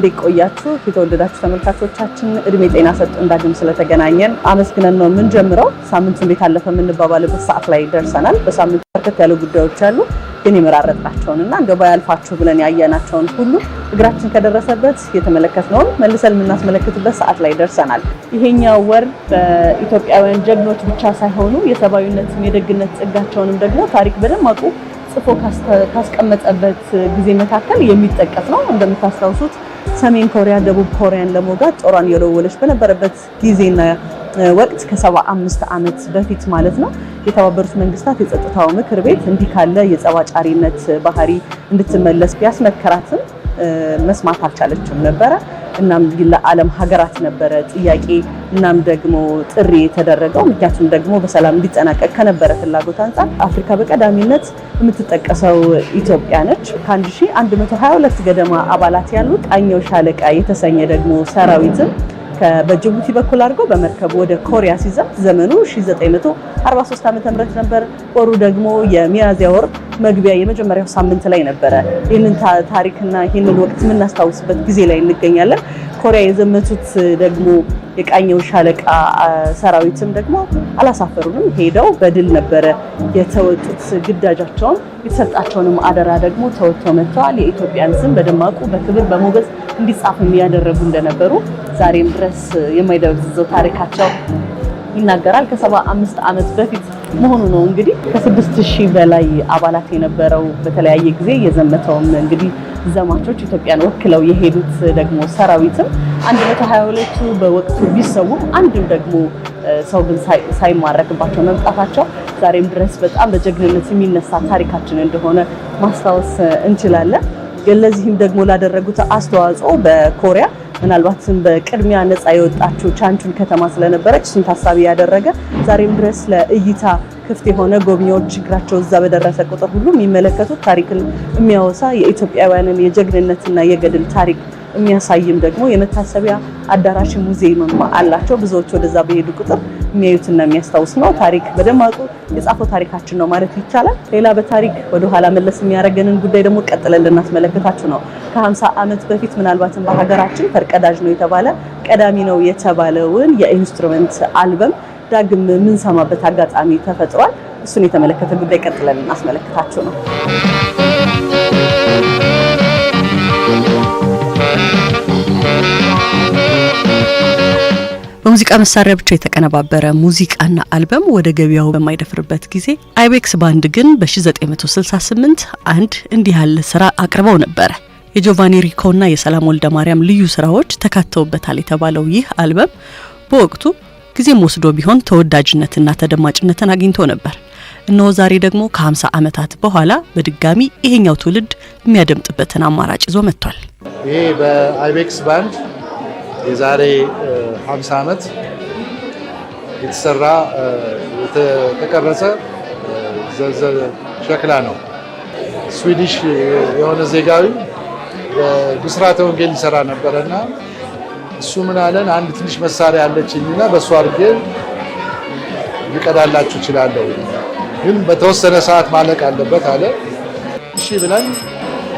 እንዴት ቆያችሁ? የተወደዳችሁ ተመልካቾቻችን እድሜ ጤና ሰጡ ዳግም ስለተገናኘን አመስግነን ነው የምንጀምረው። ሳምንቱ እንዴት አለፈ የምንባባልበት ሰዓት ላይ ደርሰናል። በሳምንቱ በርከት ያሉ ጉዳዮች አሉ። ግን የመራረጥናቸውን እና እንደው ባያልፋችሁ ብለን ያየናቸውን ሁሉ እግራችን ከደረሰበት የተመለከትነውን መልሰን የምናስመለክትበት ሰዓት ላይ ደርሰናል። ይሄኛው ወር በኢትዮጵያውያን ጀግኖች ብቻ ሳይሆኑ የሰብአዊነትም የደግነት ጸጋቸውንም ደግሞ ታሪክ በደማቁ ጽፎ ካስቀመጠበት ጊዜ መካከል የሚጠቀስ ነው። እንደምታስታውሱት ሰሜን ኮሪያ ደቡብ ኮሪያን ለመውጋት ጦሯን እየለወለች በነበረበት ጊዜና ወቅት ከሰባ አምስት ዓመት በፊት ማለት ነው የተባበሩት መንግስታት የጸጥታው ምክር ቤት እንዲህ ካለ የጸባጫሪነት ባህሪ እንድትመለስ ቢያስመከራትም መስማት አልቻለችም ነበረ። እናም ለዓለም ሀገራት ነበረ ጥያቄ እናም ደግሞ ጥሪ የተደረገው። ምክንያቱም ደግሞ በሰላም እንዲጠናቀቅ ከነበረ ፍላጎት አንጻር አፍሪካ በቀዳሚነት የምትጠቀሰው ኢትዮጵያ ነች። ከ1122 ገደማ አባላት ያሉት ቃኘው ሻለቃ የተሰኘ ደግሞ ሰራዊትም በጅቡቲ በኩል አድርጎ በመርከብ ወደ ኮሪያ ሲዘምት ዘመኑ 1943 ም ነበር። ወሩ ደግሞ የሚያዝያ ወር መግቢያ የመጀመሪያው ሳምንት ላይ ነበረ። ይህንን ታሪክና ይህንን ወቅት የምናስታውስበት ጊዜ ላይ እንገኛለን። ኮሪያ የዘመቱት ደግሞ የቃኘው ሻለቃ ሰራዊትም ደግሞ አላሳፈሩንም። ሄደው በድል ነበረ የተወጡት ግዳጃቸውን። የተሰጣቸውንም አደራ ደግሞ ተወጥተው መጥተዋል። የኢትዮጵያን ስም በደማቁ በክብር በሞገስ እንዲጻፍ የሚያደረጉ እንደነበሩ ዛሬም ድረስ የማይደበዝዘው ታሪካቸው ይናገራል። ከሰባ አምስት ዓመት በፊት መሆኑ ነው። እንግዲህ ከስድስት ሺህ በላይ አባላት የነበረው በተለያየ ጊዜ የዘመተውም እንግዲህ ዘማቾች ኢትዮጵያን ወክለው የሄዱት ደግሞ ሰራዊትም አንድ መቶ ሀያ ሁለቱ በወቅቱ ቢሰውም አንድም ደግሞ ሰው ግን ሳይማረክባቸው መምጣታቸው ዛሬም ድረስ በጣም በጀግንነት የሚነሳ ታሪካችን እንደሆነ ማስታወስ እንችላለን። ለዚህም ደግሞ ላደረጉት አስተዋጽኦ በኮሪያ ምናልባትም በቅድሚያ ነፃ የወጣችው ቻንቹን ከተማ ስለነበረች እሱን ታሳቢ ያደረገ ዛሬም ድረስ ለእይታ ክፍት የሆነ ጎብኚዎች ችግራቸው እዛ በደረሰ ቁጥር ሁሉ የሚመለከቱት ታሪክን የሚያወሳ የኢትዮጵያውያንን የጀግንነትና የገድል ታሪክ የሚያሳይም ደግሞ የመታሰቢያ አዳራሽ ሙዚየምም አላቸው። ብዙዎች ወደዛ በሄዱ ቁጥር የሚያዩትና የሚያስታውስ ነው። ታሪክ በደማቁ የጻፈው ታሪካችን ነው ማለት ይቻላል። ሌላ በታሪክ ወደኋላ መለስ የሚያደርገንን ጉዳይ ደግሞ ቀጥለን ልናስመለከታችሁ ነው። ከ50 ዓመት በፊት ምናልባትም በሀገራችን ፈርቀዳጅ ነው የተባለ ቀዳሚ ነው የተባለውን የኢንስትሩመንት አልበም ዳግም የምንሰማበት አጋጣሚ ተፈጥሯል። እሱን የተመለከተ ጉዳይ ቀጥለን ልናስመለከታችሁ ነው። በሙዚቃ መሳሪያ ብቻ የተቀነባበረ ሙዚቃና አልበም ወደ ገበያው በማይደፍርበት ጊዜ አይቤክስ ባንድ ግን በ1968 አንድ እንዲህ ያለ ስራ አቅርበው ነበረ። የጆቫኒ ሪኮና የሰላም ወልደ ማርያም ልዩ ስራዎች ተካተውበታል የተባለው ይህ አልበም በወቅቱ ጊዜም ወስዶ ቢሆን ተወዳጅነትና ተደማጭነትን አግኝቶ ነበር። እነሆ ዛሬ ደግሞ ከ50 ዓመታት በኋላ በድጋሚ ይሄኛው ትውልድ የሚያደምጥበትን አማራጭ ይዞ መጥቷል። ይሄ በአይቤክስ ባንድ የዛሬ 50 ዓመት የተሰራ የተቀረጸ ሸክላ ነው። ስዊዲሽ የሆነ ዜጋዊ ብስራተ ወንጌል ይሰራ ነበረና እሱ ምን አለን፣ አንድ ትንሽ መሳሪያ አለችኝና በእሱ አድርጌ ሊቀዳላችሁ እችላለሁ፣ ግን በተወሰነ ሰዓት ማለቅ አለበት አለ። እሺ ብለን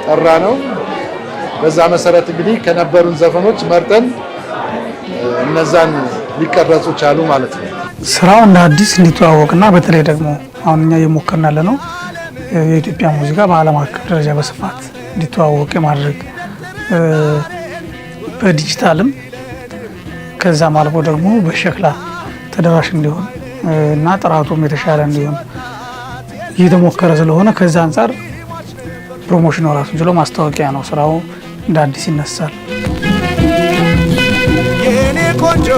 ጠራ ነው። በዛ መሰረት እንግዲህ ከነበሩን ዘፈኖች መርጠን እነዛን ሊቀረጹ ቻሉ ማለት ነው። ስራው እንደ አዲስ እንዲተዋወቅና በተለይ ደግሞ አሁን እኛ እየሞከርን ያለ ነው የኢትዮጵያ ሙዚቃ በዓለም አቀፍ ደረጃ በስፋት እንዲተዋወቅ የማድረግ በዲጂታልም ከዛም አልፎ ደግሞ በሸክላ ተደራሽ እንዲሆን እና ጥራቱም የተሻለ እንዲሆን እየተሞከረ ስለሆነ ከዛ አንጻር ፕሮሞሽን ራሱን ችሎ ማስታወቂያ ነው። ስራው እንደ አዲስ ይነሳል። ቆንጆ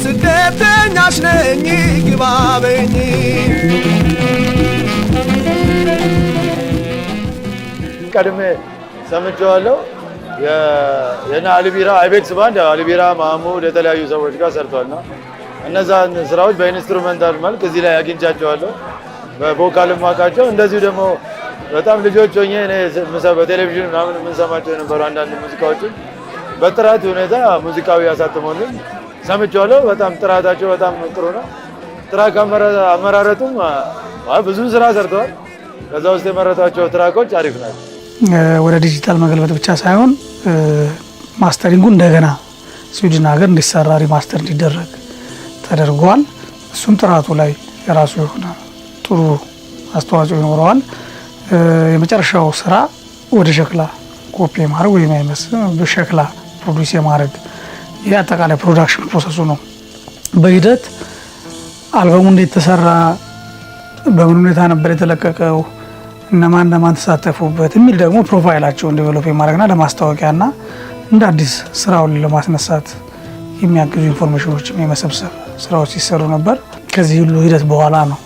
ስደተኛሽ ነኝ ግባ ቀድሜ ሰምቼዋለሁ። የነ አልቢራ አይቤክስ ባንድ አልቢራ፣ ማህሙድ የተለያዩ ሰዎች ጋር ሰርቷልና እነዛን ስራዎች በኢንስትሩመንታል መልክ እዚህ ላይ አግኝቻቸዋለሁ። በቮካልም ማውቃቸው እንደዚሁ ደግሞ በጣም ልጆች ሆኜ በቴሌቪዥን ምናምን የምንሰማቸው የነበሩ አንዳንድ ሙዚቃዎችን በጥራት ሁኔታ ሙዚቃዊ ያሳትመልን ሰምቼዋለሁ። በጣም ጥራታቸው በጣም ጥሩ ነው። ትራክ አመራረጡም ብዙ ስራ ሰርተዋል። ከዛ ውስጥ የመረጧቸው ትራኮች አሪፍ ናቸው። ወደ ዲጂታል መገልበጥ ብቻ ሳይሆን ማስተሪንጉ እንደገና ስዊድን ሀገር እንዲሰራ ሪማስተር እንዲደረግ ተደርጓል። እሱም ጥራቱ ላይ የራሱ የሆነ ጥሩ አስተዋጽኦ ይኖረዋል። የመጨረሻው ስራ ወደ ሸክላ ኮፒ ማድረግ ወይም ሸክላ ፕሮዲስ የማድረግ የአጠቃላይ ፕሮዳክሽን ፕሮሰሱ ነው። በሂደት አልበሙ እንዴት ተሰራ፣ በምን ሁኔታ ነበር የተለቀቀው፣ እነማን እነማን ተሳተፉበት የሚል ደግሞ ፕሮፋይላቸውን ዴቨሎፕ የማድረግና ለማስታወቂያና እንደ አዲስ ስራውን ለማስነሳት የሚያግዙ ኢንፎርሜሽኖችም የመሰብሰብ ስራዎች ሲሰሩ ነበር። ከዚህ ሁሉ ሂደት በኋላ ነው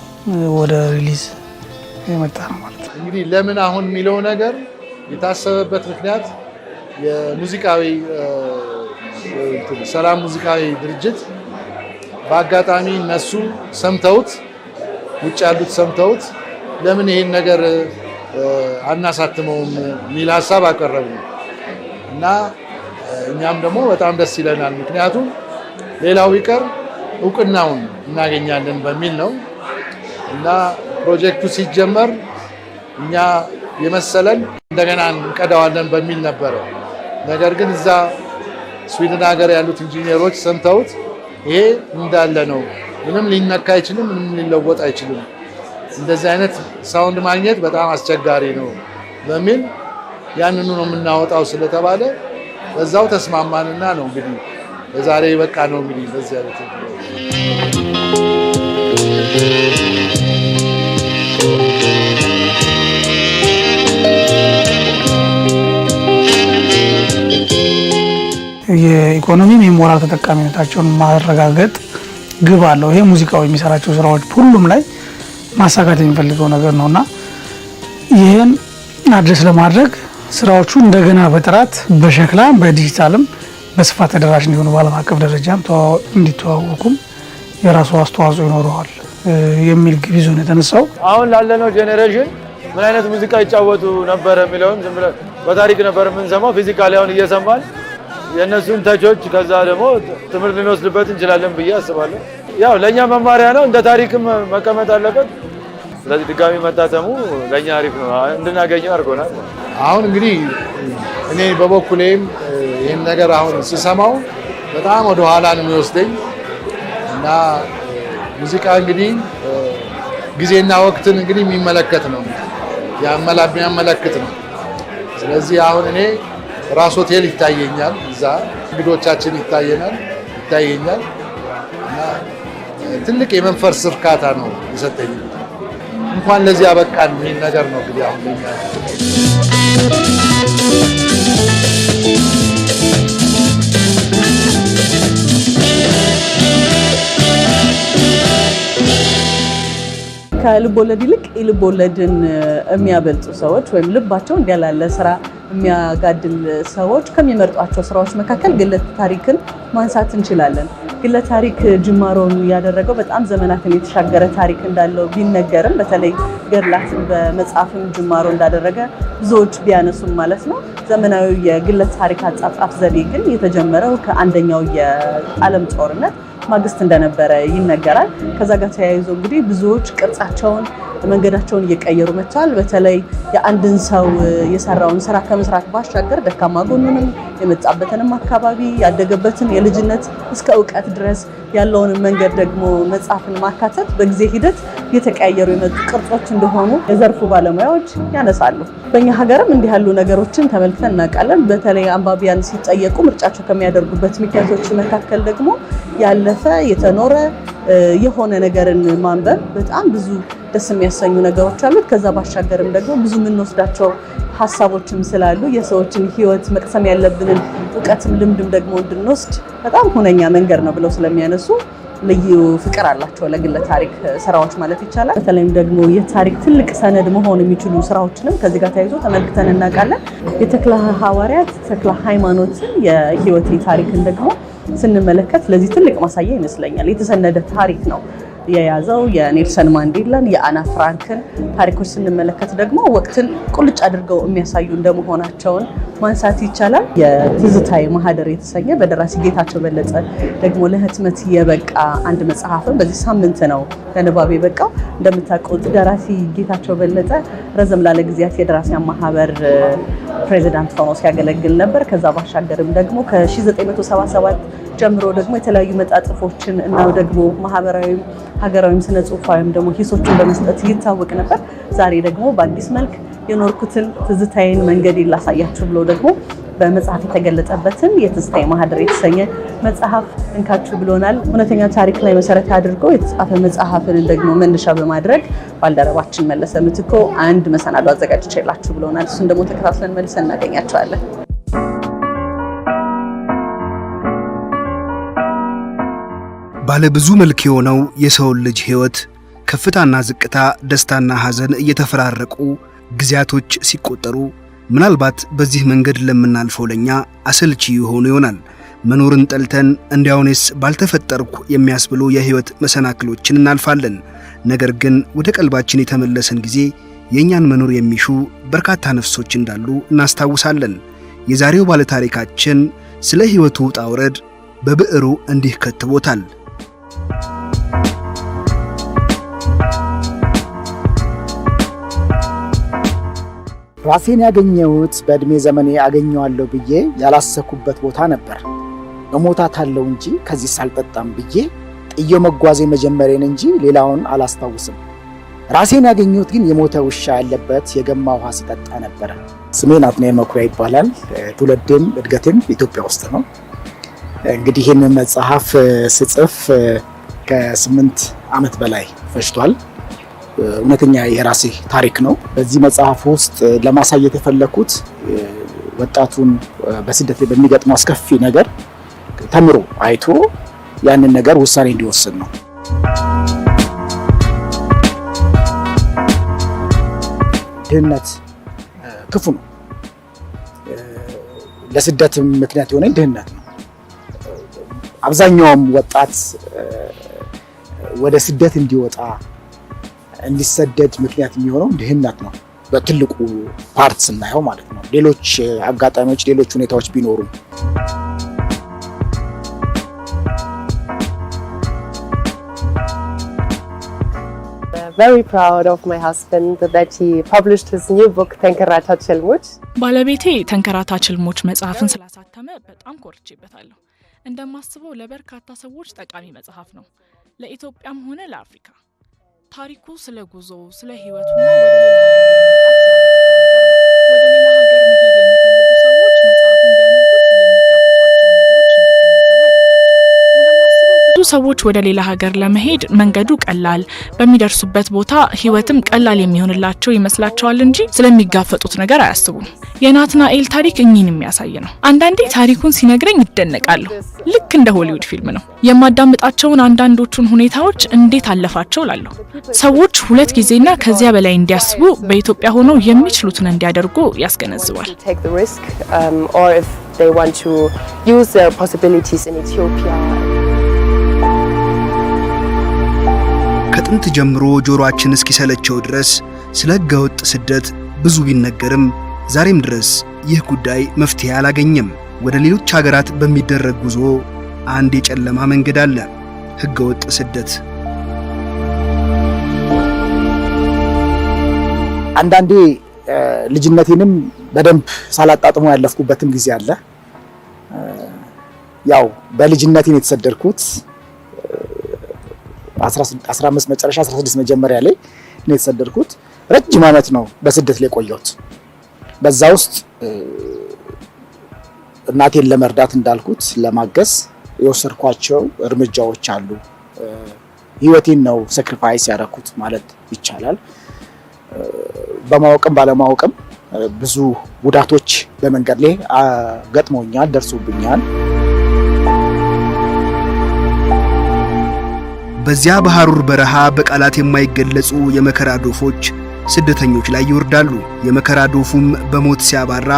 ወደ ሪሊዝ የመጣ ነው ማለት ነው። እንግዲህ ለምን አሁን የሚለው ነገር የታሰበበት ምክንያት የሙዚቃዊ ሰላም ሙዚቃዊ ድርጅት በአጋጣሚ እነሱ ሰምተውት ውጭ ያሉት ሰምተውት ለምን ይሄን ነገር አናሳትመውም የሚል ሀሳብ አቀረቡ ነው እና እኛም ደግሞ በጣም ደስ ይለናል። ምክንያቱም ሌላው ቢቀር እውቅናውን እናገኛለን በሚል ነው እና ፕሮጀክቱ ሲጀመር እኛ የመሰለን እንደገና እንቀዳዋለን በሚል ነበረው። ነገር ግን እዛ ስዊድን ሀገር ያሉት ኢንጂነሮች ሰምተውት ይሄ እንዳለ ነው፣ ምንም ሊነካ አይችልም፣ ምንም ሊለወጥ አይችልም፣ እንደዚህ አይነት ሳውንድ ማግኘት በጣም አስቸጋሪ ነው በሚል ያንኑ ነው የምናወጣው ስለተባለ በዛው ተስማማንና ነው እንግዲህ በዛሬ በቃ ነው እንግዲህ በዚህ አይነት ነው። የኢኮኖሚም የሞራል ተጠቃሚነታቸውን ማረጋገጥ ግብ አለው። ይሄ ሙዚቃው የሚሰራቸው ስራዎች ሁሉም ላይ ማሳካት የሚፈልገው ነገር ነው እና ይህን አድረስ ለማድረግ ስራዎቹ እንደገና በጥራት በሸክላ በዲጂታልም በስፋት ተደራሽ እንዲሆኑ በዓለም አቀፍ ደረጃም እንዲተዋወቁም የራሱ አስተዋጽኦ ይኖረዋል የሚል ግብ ይዞ ነው የተነሳው። አሁን ላለነው ጄኔሬሽን ምን አይነት ሙዚቃ ይጫወቱ ነበር የሚለውም ዝም ብለን በታሪክ ነበር የምንሰማው። ፊዚካሊ አሁን እየሰማል የእነሱን ተቾች ከዛ ደግሞ ትምህርት ልንወስድበት እንችላለን ብዬ አስባለሁ። ያው ለእኛ መማሪያ ነው፣ እንደ ታሪክም መቀመጥ አለበት። ስለዚህ ድጋሚ መታተሙ ለእኛ አሪፍ ነው፣ እንድናገኘው አድርጎናል። አሁን እንግዲህ እኔ በበኩሌም ይህን ነገር አሁን ስሰማው በጣም ወደ ኋላ ነው የሚወስደኝ እና ሙዚቃ እንግዲህ ጊዜና ወቅትን እንግዲህ የሚመለከት ነው የሚያመላክት ነው። ስለዚህ አሁን እኔ ራስ ሆቴል ይታየኛል፣ እዛ እንግዶቻችን ይታየናል ይታየኛል እና ትልቅ የመንፈስ እርካታ ነው የሰጠኝ። እንኳን ለዚህ አበቃን የሚል ነገር ነው እንግዲህ አሁን ለኛ ከልብ ወለድ ይልቅ ልብ ወለድን የሚያበልጡ ሰዎች ወይም ልባቸው እንዲያላለ ስራ የሚያጋድል ሰዎች ከሚመርጧቸው ስራዎች መካከል ግለ ታሪክን ማንሳት እንችላለን። ግለ ታሪክ ጅማሮን ያደረገው በጣም ዘመናትን የተሻገረ ታሪክ እንዳለው ቢነገርም በተለይ ገድላትን በመጽሐፍም ጅማሮ እንዳደረገ ብዙዎች ቢያነሱም ማለት ነው። ዘመናዊ የግለ ታሪክ አጻጻፍ ዘዴ ግን የተጀመረው ከአንደኛው የዓለም ጦርነት ማግስት እንደነበረ ይነገራል። ከዛ ጋር ተያይዞ እንግዲህ ብዙዎች ቅርጻቸውን መንገዳቸውን እየቀየሩ መጥተዋል። በተለይ የአንድን ሰው የሰራውን ስራ ከመስራት ባሻገር ደካማ ጎኑንም የመጣበትንም አካባቢ ያደገበትን የልጅነት እስከ እውቀት ድረስ ያለውን መንገድ ደግሞ መጽሐፍን ማካተት በጊዜ ሂደት እየተቀያየሩ የመጡ ቅርጾች እንደሆኑ የዘርፉ ባለሙያዎች ያነሳሉ። በእኛ ሀገርም እንዲህ ያሉ ነገሮችን ተመልክተን እናውቃለን። በተለይ አንባቢያን ሲጠየቁ ምርጫቸው ከሚያደርጉበት ምክንያቶች መካከል ደግሞ ያለፈ የተኖረ የሆነ ነገርን ማንበብ በጣም ብዙ ደስ የሚያሰኙ ነገሮች አሉት። ከዛ ባሻገርም ደግሞ ብዙ የምንወስዳቸው ሀሳቦችም ስላሉ የሰዎችን ህይወት መቅሰም ያለብንን እውቀትም ልምድም ደግሞ እንድንወስድ በጣም ሁነኛ መንገድ ነው ብለው ስለሚያነሱ ልዩ ፍቅር አላቸው ለግለ ታሪክ ስራዎች ማለት ይቻላል። በተለይም ደግሞ የታሪክ ትልቅ ሰነድ መሆን የሚችሉ ስራዎችንም ከዚህ ጋር ተያይዞ ተመልክተን እናውቃለን። የተክለ ሐዋርያት ተክለ ሃይማኖትን የህይወት ታሪክን ደግሞ ስንመለከት ለዚህ ትልቅ ማሳያ ይመስለኛል። የተሰነደ ታሪክ ነው የያዘው የኔልሰን ማንዴላን የአና ፍራንክን ታሪኮች ስንመለከት ደግሞ ወቅትን ቁልጭ አድርገው የሚያሳዩ እንደመሆናቸውን ማንሳት ይቻላል። የትዝታዬ ማህደር የተሰኘ በደራሲ ጌታቸው በለጠ ደግሞ ለህትመት የበቃ አንድ መጽሐፍን በዚህ ሳምንት ነው ለንባብ የበቃው። እንደምታውቁት ደራሲ ጌታቸው በለጠ ረዘም ላለ ጊዜያት የደራሲያን ማህበር ፕሬዚዳንት ሆኖ ሲያገለግል ነበር። ከዛ ባሻገርም ደግሞ ከ1977 ጀምሮ ደግሞ የተለያዩ መጣጥፎችን እና ደግሞ ማህበራዊም ሀገራዊም ስነ ጽሁፋዊም ደግሞ ሂሶችን በመስጠት ይታወቅ ነበር። ዛሬ ደግሞ በአዲስ መልክ የኖርኩትን ትዝታዬን መንገድ ላሳያችሁ ብሎ ደግሞ በመጽሐፍ የተገለጸበትን የትንሳኤ ማህደር የተሰኘ መጽሐፍ እንካችሁ ብሎናል። እውነተኛ ታሪክ ላይ መሰረት አድርጎ የተጻፈ መጽሐፍን ደግሞ መነሻ በማድረግ ባልደረባችን መለሰ ምትኮ አንድ መሰናዶ አዘጋጅቼላችሁ ብሎናል። እሱን ደግሞ ተከታትለን መልሰን እናገኛቸዋለን። ባለ ብዙ መልክ የሆነው የሰውን ልጅ ሕይወት ከፍታና ዝቅታ፣ ደስታና ሐዘን እየተፈራረቁ ጊዜያቶች ሲቆጠሩ ምናልባት በዚህ መንገድ ለምናልፈው ለኛ አሰልቺ የሆኑ ይሆናል። መኖርን ጠልተን እንዲያውኔስ ባልተፈጠርኩ የሚያስብሉ የህይወት መሰናክሎችን እናልፋለን። ነገር ግን ወደ ቀልባችን የተመለሰን ጊዜ የእኛን መኖር የሚሹ በርካታ ነፍሶች እንዳሉ እናስታውሳለን። የዛሬው ባለታሪካችን ስለ ህይወቱ ውጣ ውረድ በብዕሩ እንዲህ ከትቦታል። ራሴን ያገኘሁት በዕድሜ ዘመኔ ያገኘዋለሁ ብዬ ያላሰኩበት ቦታ ነበር። እሞታታለሁ እንጂ ከዚህ ሳልጠጣም ብዬ ጥዬው መጓዜ መጀመሬን እንጂ ሌላውን አላስታውስም። ራሴን ያገኘሁት ግን የሞተ ውሻ ያለበት የገማ ውሃ ስጠጣ ነበረ። ስሜን አትናኤል መኩሪያ ይባላል። ትውልዴም እድገቴም ኢትዮጵያ ውስጥ ነው። እንግዲህ ይህንን መጽሐፍ ስጽፍ ከስምንት ዓመት በላይ ፈጅቷል። እውነተኛ የራሴ ታሪክ ነው። በዚህ መጽሐፍ ውስጥ ለማሳየት የፈለኩት ወጣቱን በስደት ላይ በሚገጥመው አስከፊ ነገር ተምሮ አይቶ ያንን ነገር ውሳኔ እንዲወስን ነው። ድህነት ክፉ ነው። ለስደትም ምክንያት የሆነ ድህነት ነው። አብዛኛውም ወጣት ወደ ስደት እንዲወጣ እንዲሰደድ ምክንያት የሚሆነው ድህነት ነው። በትልቁ ፓርት ስናየው ማለት ነው። ሌሎች አጋጣሚዎች፣ ሌሎች ሁኔታዎች ቢኖሩም ባለቤቴ ተንከራታ ችልሞች መጽሐፍን ስላሳተመ በጣም ኮርቼበታለሁ። እንደማስበው ለበርካታ ሰዎች ጠቃሚ መጽሐፍ ነው፣ ለኢትዮጵያም ሆነ ለአፍሪካ። ታሪኩ ስለ ጉዞ፣ ስለ ህይወቱ ብዙ ሰዎች ወደ ሌላ ሀገር ለመሄድ መንገዱ ቀላል፣ በሚደርሱበት ቦታ ህይወትም ቀላል የሚሆንላቸው ይመስላቸዋል እንጂ ስለሚጋፈጡት ነገር አያስቡም። የናትናኤል ታሪክ እኚህን የሚያሳይ ነው። አንዳንዴ ታሪኩን ሲነግረኝ ይደነቃለሁ። ልክ እንደ ሆሊውድ ፊልም ነው። የማዳምጣቸውን አንዳንዶቹን ሁኔታዎች እንዴት አለፋቸው ላለሁ። ሰዎች ሁለት ጊዜና ከዚያ በላይ እንዲያስቡ በኢትዮጵያ ሆነው የሚችሉትን እንዲያደርጉ ያስገነዝባል። um, they want to use their possibilities in Ethiopia. ከጥንት ጀምሮ ጆሮአችን እስኪሰለቸው ድረስ ስለ ሕገወጥ ስደት ብዙ ቢነገርም ዛሬም ድረስ ይህ ጉዳይ መፍትሄ አላገኘም። ወደ ሌሎች ሀገራት በሚደረግ ጉዞ አንድ የጨለማ መንገድ አለ፣ ህገወጥ ስደት። አንዳንዴ ልጅነቴንም በደንብ ሳላጣጥሞ ያለፍኩበትም ጊዜ አለ። ያው በልጅነቴን የተሰደድኩት 15 መጨረሻ 16 መጀመሪያ ላይ ነው የተሰደድኩት። ረጅም አመት ነው በስደት ላይ ቆየሁት። በዛ ውስጥ እናቴን ለመርዳት እንዳልኩት ለማገዝ የወሰድኳቸው እርምጃዎች አሉ። ህይወቴን ነው ሰክሪፋይስ ያደረኩት ማለት ይቻላል። በማወቅም ባለማወቅም ብዙ ጉዳቶች በመንገድ ላይ ገጥሞኛል፣ ደርሶብኛል። በዚያ በሐሩር በረሃ በቃላት የማይገለጹ የመከራ ዶፎች ስደተኞች ላይ ይወርዳሉ። የመከራ ዶፉም በሞት ሲያባራ፣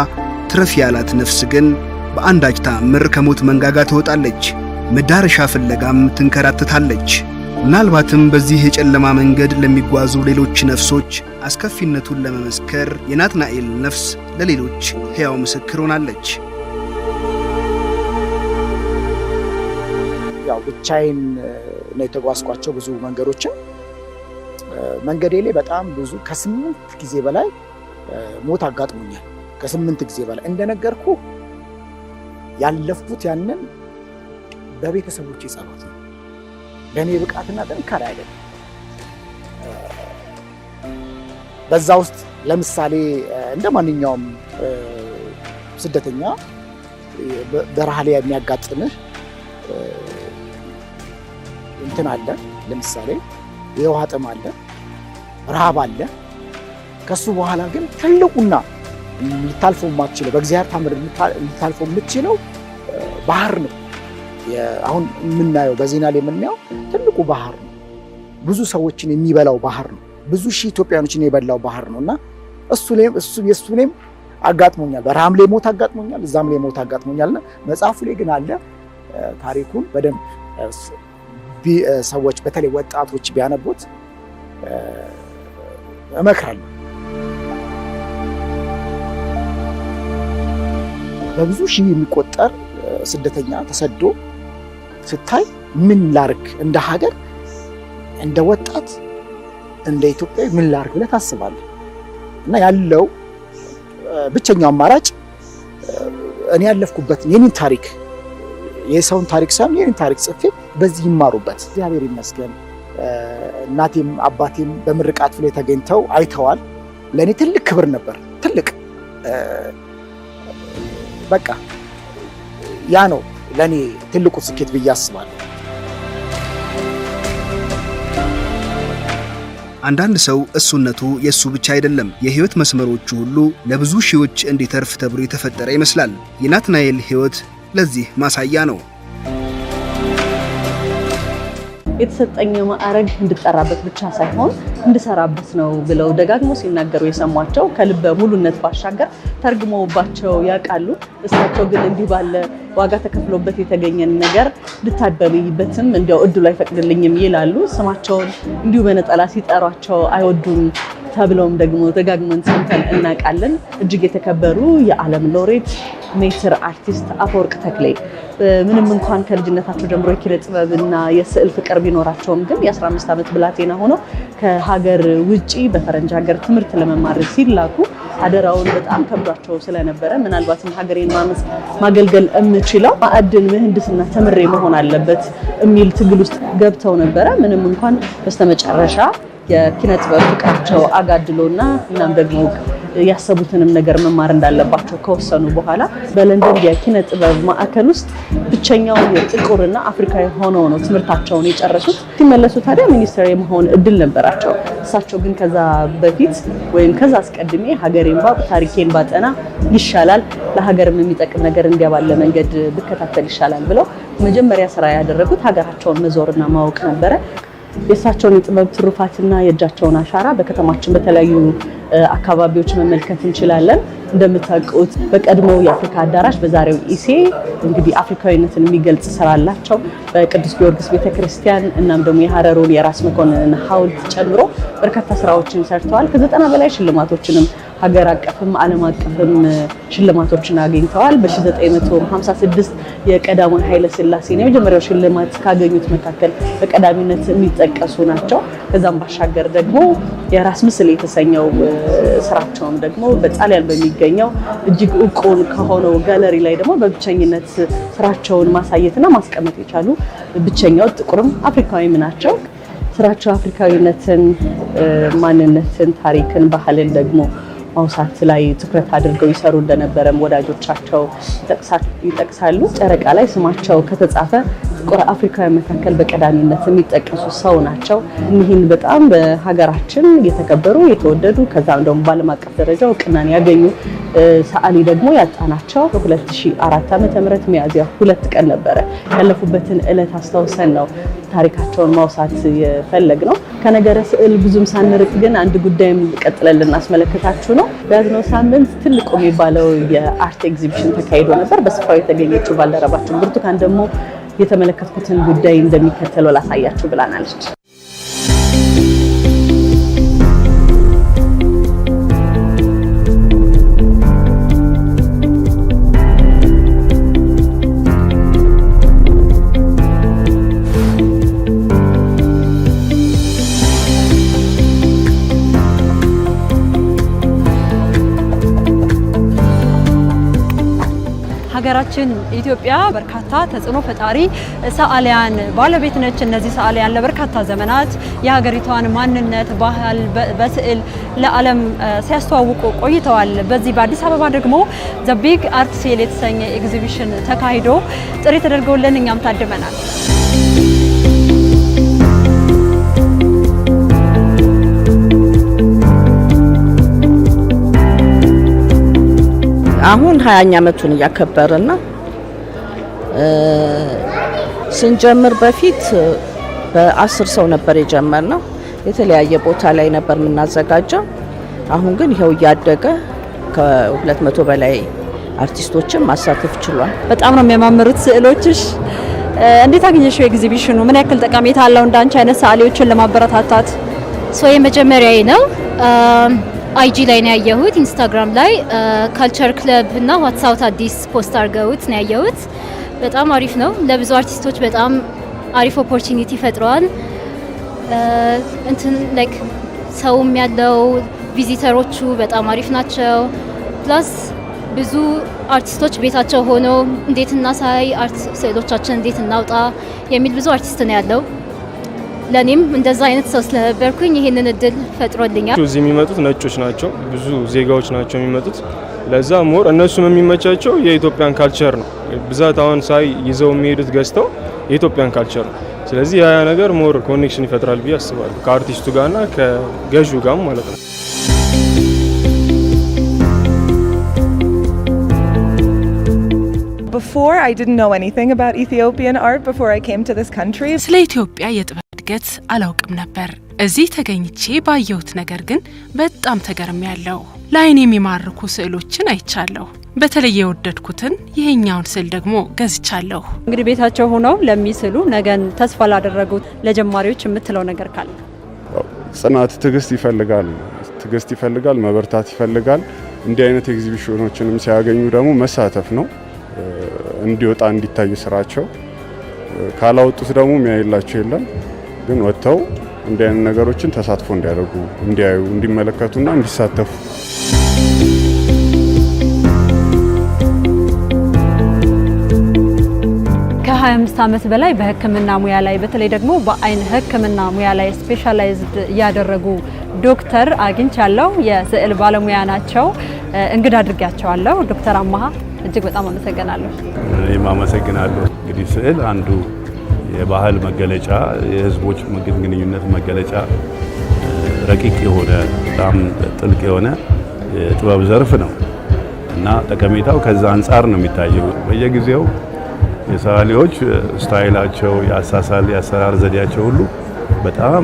ትረፍ ያላት ነፍስ ግን በአንዳች ተአምር ከሞት መንጋጋ ትወጣለች። መዳረሻ ፍለጋም ትንከራትታለች። ምናልባትም በዚህ የጨለማ መንገድ ለሚጓዙ ሌሎች ነፍሶች አስከፊነቱን ለመመስከር የናትናኤል ነፍስ ለሌሎች ሕያው ምስክር ሆናለች። ያው ብቻዬን ነው የተጓዝኳቸው ብዙ መንገዶችን። መንገዴ ላይ በጣም ብዙ ከስምንት ጊዜ በላይ ሞት አጋጥሞኛል። ከስምንት ጊዜ በላይ እንደነገርኩ ያለፍኩት ያንን በቤተሰቦች ጸሎት ነው። በእኔ ብቃትና ጥንካሬ አይደለም። በዛ ውስጥ ለምሳሌ እንደ ማንኛውም ስደተኛ በረሃ ላይ የሚያጋጥምህ እንትን አለ። ለምሳሌ የውሃ ጥም አለ፣ ረሃብ አለ። ከሱ በኋላ ግን ትልቁና ልታልፈው የማትችለው በእግዚአብሔር ታምር ልታልፈው የምትችለው ባህር ነው። አሁን የምናየው በዜና ላይ የምናየው ትልቁ ባህር ነው። ብዙ ሰዎችን የሚበላው ባህር ነው። ብዙ ሺህ ኢትዮጵያኖችን የበላው ባህር ነው እና እሱ የእሱ ላይም አጋጥሞኛል። በረሃም ላይ ሞት አጋጥሞኛል፣ እዛም ላይ ሞት አጋጥሞኛል። እና መጽሐፉ ላይ ግን አለ ታሪኩን በደንብ ሰዎች በተለይ ወጣቶች ቢያነቡት እመክራለሁ። በብዙ ሺህ የሚቆጠር ስደተኛ ተሰዶ ስታይ ምን ላርግ እንደ ሀገር፣ እንደ ወጣት፣ እንደ ኢትዮጵያ ምን ላርግ ብለህ ታስባለህ። እና ያለው ብቸኛው አማራጭ እኔ ያለፍኩበትን የኔን ታሪክ የሰውን ታሪክ ሳይሆን የኔን ታሪክ ጽፌ በዚህ ይማሩበት። እግዚአብሔር ይመስገን እናቴም አባቴም በምርቃት ላይ ተገኝተው አይተዋል። ለእኔ ትልቅ ክብር ነበር። ትልቅ በቃ ያ ነው ለእኔ ትልቁ ስኬት ብዬ አስባለሁ። አንዳንድ ሰው እሱነቱ የእሱ ብቻ አይደለም፣ የህይወት መስመሮቹ ሁሉ ለብዙ ሺዎች እንዲተርፍ ተብሎ የተፈጠረ ይመስላል። የናትናኤል ህይወት ለዚህ ማሳያ ነው። የተሰጠኝ ማዕረግ እንድጠራበት ብቻ ሳይሆን እንድሰራበት ነው ብለው ደጋግሞ ሲናገሩ የሰሟቸው ከልበ ሙሉነት ባሻገር ተርግመውባቸው ያውቃሉ። እሳቸው ግን እንዲህ ባለ ዋጋ ተከፍሎበት የተገኘን ነገር ልታደልይበትም እንዲያው እድሉ አይፈቅድልኝም ይላሉ። ስማቸውን እንዲሁ በነጠላ ሲጠሯቸው አይወዱም። ተብለውም ደግሞ ደጋግመን ሰምተን እናውቃለን። እጅግ የተከበሩ የዓለም ሎሬት ሜትር አርቲስት አፈወርቅ ተክሌ ምንም እንኳን ከልጅነታቸው ጀምሮ የኪነ እና የስዕል ፍቅር ቢኖራቸውም ግን የ15 ዓመት ብላቴና ሆነው ከሀገር ውጭ በፈረንጅ ሀገር ትምህርት ለመማር ሲላኩ አደራውን በጣም ከብዷቸው ስለነበረ ምናልባትም ሀገሬን ማገልገል የምችለው ማዕድን ምህንድስና ተምሬ መሆን አለበት የሚል ትግል ውስጥ ገብተው ነበረ። ምንም እንኳን በስተመጨረሻ የኪነ ጥበብ ፍቅራቸው አጋድሎና እናም ደግሞ ያሰቡትንም ነገር መማር እንዳለባቸው ከወሰኑ በኋላ በለንደን የኪነ ጥበብ ማዕከል ውስጥ ብቸኛው ጥቁርና አፍሪካዊ ሆነው ነው ትምህርታቸውን የጨረሱት። ሲመለሱ ታዲያ ሚኒስትር የመሆን እድል ነበራቸው። እሳቸው ግን ከዛ በፊት ወይም ከዛ አስቀድሜ ሀገሬን ባ ታሪኬን ባጠና ይሻላል፣ ለሀገርም የሚጠቅም ነገር እንዲያ መንገድ ብከታተል ይሻላል ብለው መጀመሪያ ስራ ያደረጉት ሀገራቸውን መዞርና ማወቅ ነበረ። የእሳቸውን የጥበብ ትሩፋትና የእጃቸውን አሻራ በከተማችን በተለያዩ አካባቢዎች መመልከት እንችላለን። እንደምታውቁት በቀድሞው የአፍሪካ አዳራሽ በዛሬው ኢሴ እንግዲህ አፍሪካዊነትን የሚገልጽ ስራ አላቸው። በቅዱስ ጊዮርጊስ ቤተክርስቲያን እናም ደግሞ የሀረሩን የራስ መኮንንን ሐውልት ጨምሮ በርካታ ስራዎችን ሰርተዋል። ከዘጠና በላይ ሽልማቶችንም ሀገር አቀፍም ዓለም አቀፍም ሽልማቶችን አግኝተዋል። በ1956 የቀዳማዊ ኃይለ ሥላሴ የመጀመሪያው ሽልማት ካገኙት መካከል በቀዳሚነት የሚጠቀሱ ናቸው። ከዛም ባሻገር ደግሞ የራስ ምስል የተሰኘው ስራቸውም ደግሞ በጣሊያን በሚገኘው እጅግ እውቁን ከሆነው ጋለሪ ላይ ደግሞ በብቸኝነት ስራቸውን ማሳየትና ማስቀመጥ የቻሉ ብቸኛው ጥቁርም አፍሪካዊም ናቸው። ስራቸው አፍሪካዊነትን፣ ማንነትን፣ ታሪክን፣ ባህልን ደግሞ ማውሳት ላይ ትኩረት አድርገው ይሰሩ እንደነበረም ወዳጆቻቸው ይጠቅሳሉ። ጨረቃ ላይ ስማቸው ከተጻፈ አፍሪካውያን መካከል በቀዳሚነት የሚጠቀሱ ሰው ናቸው። ይህን በጣም በሀገራችን የተከበሩ የተወደዱ ከዛም ደግሞ በዓለም አቀፍ ደረጃ እውቅናን ያገኙ ሰዓሊ ደግሞ ያጣናቸው በ2004 ዓ ም ሚያዝያ ሁለት ቀን ነበረ። ያለፉበትን እለት አስታውሰን ነው ታሪካቸውን ማውሳት የፈለግ ነው። ከነገረ ስዕል ብዙም ሳንርቅ ግን አንድ ጉዳይም ቀጥለን ልናስመለከታችሁ ነው። በያዝነው ሳምንት ትልቁ የሚባለው የአርት ኤግዚቢሽን ተካሂዶ ነበር። በስፍራው የተገኘችው ባልደረባችን ብርቱካን ደግሞ የተመለከትኩትን ጉዳይ እንደሚከተለው ላሳያችሁ ብላናለች። ሀገራችን ኢትዮጵያ በርካታ ተጽዕኖ ፈጣሪ ሰዓሊያን ባለቤት ነች። እነዚህ ሰዓሊያን ለበርካታ ዘመናት የሀገሪቷን ማንነት፣ ባህል በስዕል ለዓለም ሲያስተዋውቁ ቆይተዋል። በዚህ በአዲስ አበባ ደግሞ ዘቢግ አርት ሴል የተሰኘ ኤግዚቢሽን ተካሂዶ ጥሪ ተደርገውልን እኛም ታድመናል። አሁን ሀያኛ ዓመቱን እያከበርን ነው። ስንጀምር በፊት በአስር ሰው ነበር የጀመርነው። የተለያየ ቦታ ላይ ነበር የምናዘጋጀው። አሁን ግን ይኸው እያደገ ከሁለት መቶ በላይ አርቲስቶችን ማሳተፍ ችሏል። በጣም ነው የሚያማምሩት ስዕሎችሽ። እንዴት አገኘሽው ኤግዚቢሽኑ? ምን ያክል ጠቀሜታ አለው እንዳንቺ አይነት ሰዓሊዎችን ለማበረታታት? ሰው የመጀመሪያዬ ነው አይጂ ላይ ነው ያየሁት፣ ኢንስታግራም ላይ ካልቸር ክለብ እና ዋትሳውት አዲስ ፖስት አድርገውት ነው ያየሁት። በጣም አሪፍ ነው። ለብዙ አርቲስቶች በጣም አሪፍ ኦፖርቹኒቲ ፈጥረዋል። እንትን ላይክ ሰውም ያለው ቪዚተሮቹ በጣም አሪፍ ናቸው። ፕላስ ብዙ አርቲስቶች ቤታቸው ሆኖ እንዴት እናሳይ፣ ስዕሎቻችን እንዴት እናውጣ የሚል ብዙ አርቲስት ነው ያለው። ለእኔም እንደዛ አይነት ሰው ስለነበርኩኝ ይህንን እድል ፈጥሮልኛል። እዚህ የሚመጡት ነጮች ናቸው፣ ብዙ ዜጋዎች ናቸው የሚመጡት። ለዛ ሞር እነሱም የሚመቻቸው የኢትዮጵያን ካልቸር ነው። ብዛት አሁን ሳይ ይዘው የሚሄዱት ገዝተው የኢትዮጵያን ካልቸር ነው። ስለዚህ ያ ነገር ሞር ኮኔክሽን ይፈጥራል ብዬ አስባለሁ ከአርቲስቱ ጋርና ከገዢው ጋር ማለት ነው። ስለ ኢትዮጵያ የጥበብ እንደሚታገት አላውቅም ነበር። እዚህ ተገኝቼ ባየሁት ነገር ግን በጣም ተገርም ያለው ለአይን የሚማርኩ ስዕሎችን አይቻለሁ። በተለይ የወደድኩትን ይሄኛውን ስዕል ደግሞ ገዝቻለሁ። እንግዲህ ቤታቸው ሆነው ለሚስሉ ነገን ተስፋ ላደረጉት ለጀማሪዎች የምትለው ነገር ካለ? ጽናት፣ ትዕግስት ይፈልጋል። ትዕግስት ይፈልጋል፣ መበርታት ይፈልጋል። እንዲህ አይነት ኤግዚቢሽኖችንም ሲያገኙ ደግሞ መሳተፍ ነው እንዲወጣ እንዲታይ ስራቸው ካላወጡት ደግሞ የሚያይላቸው የለም። ግን ወጥተው እንዲህ አይነት ነገሮችን ተሳትፎ እንዲያደርጉ፣ እንዲያዩ፣ እንዲመለከቱና እንዲሳተፉ ከ25 ዓመት በላይ በሕክምና ሙያ ላይ በተለይ ደግሞ በአይን ሕክምና ሙያ ላይ ስፔሻላይዝድ ያደረጉ ዶክተር አግኝቻለሁ። የስዕል ባለሙያ ናቸው። እንግዳ አድርጊያቸዋለሁ። ዶክተር አማሃ እጅግ በጣም አመሰግናለሁ። እኔም አመሰግናለሁ። እንግዲህ ስዕል አንዱ የባህል መገለጫ የህዝቦች ግንኙነት መገለጫ ረቂቅ የሆነ በጣም ጥልቅ የሆነ የጥበብ ዘርፍ ነው እና ጠቀሜታው ከዛ አንጻር ነው የሚታየው። በየጊዜው የሰዓሊዎች ስታይላቸው፣ የአሳሳል የአሰራር ዘዴያቸው ሁሉ በጣም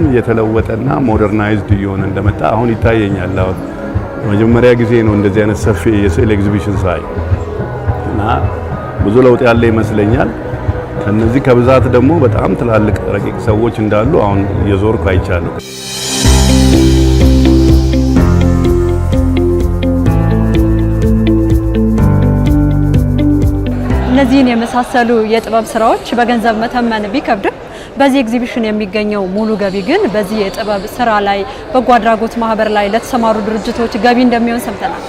ና ሞደርናይዝድ እየሆነ እንደመጣ አሁን ይታየኛል። አሁን የመጀመሪያ ጊዜ ነው እንደዚህ አይነት ሰፊ የስዕል ኤግዚቢሽን ሳይ እና ብዙ ለውጥ ያለ ይመስለኛል። ከነዚህ ከብዛት ደግሞ በጣም ትላልቅ ረቂቅ ሰዎች እንዳሉ አሁን የዞርኩ አይቻለሁ። እነዚህን የመሳሰሉ የጥበብ ስራዎች በገንዘብ መተመን ቢከብድም በዚህ ኤግዚቢሽን የሚገኘው ሙሉ ገቢ ግን በዚህ የጥበብ ስራ ላይ በጎ አድራጎት ማህበር ላይ ለተሰማሩ ድርጅቶች ገቢ እንደሚሆን ሰምተናል።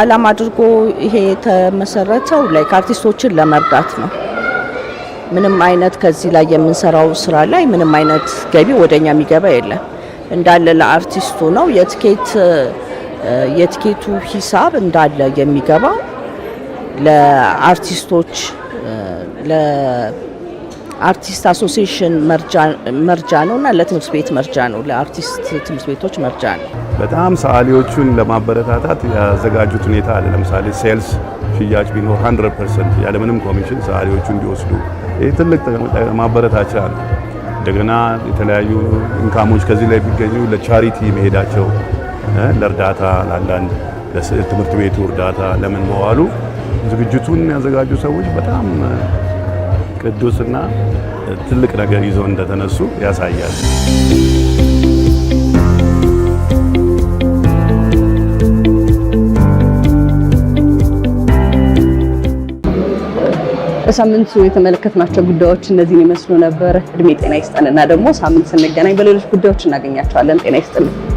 አላማ አድርጎ ይሄ የተመሰረተው ላይ አርቲስቶችን ለመርዳት ነው። ምንም አይነት ከዚህ ላይ የምንሰራው ስራ ላይ ምንም አይነት ገቢ ወደኛ የሚገባ የለም። እንዳለ ለአርቲስቱ ነው። የትኬት የትኬቱ ሂሳብ እንዳለ የሚገባ ለአርቲስቶች አርቲስት አሶሲሽን መርጃ ነው እና ለትምህርት ቤት መርጃ ነው፣ ለአርቲስት ትምህርት ቤቶች መርጃ ነው። በጣም ሰዓሊዎቹን ለማበረታታት ያዘጋጁት ሁኔታ አለ። ለምሳሌ ሴልስ ሽያጭ ቢኖር 100 ፐርሰንት ያለምንም ኮሚሽን ሰዓሊዎቹ እንዲወስዱ ይህ ትልቅ ማበረታቻ ነው። እንደገና የተለያዩ ኢንካሞች ከዚህ ላይ ቢገኙ ለቻሪቲ መሄዳቸው ለእርዳታ ለአንዳንድ ለስዕል ትምህርት ቤቱ እርዳታ ለምን መዋሉ ዝግጅቱን ያዘጋጁ ሰዎች በጣም ቅዱስና ትልቅ ነገር ይዞ እንደተነሱ ያሳያል። በሳምንቱ የተመለከትናቸው ጉዳዮች እነዚህን ይመስሉ ነበር። እድሜ ጤና ይስጠንና ደግሞ ሳምንት ስንገናኝ በሌሎች ጉዳዮች እናገኛቸዋለን። ጤና ይስጥልን።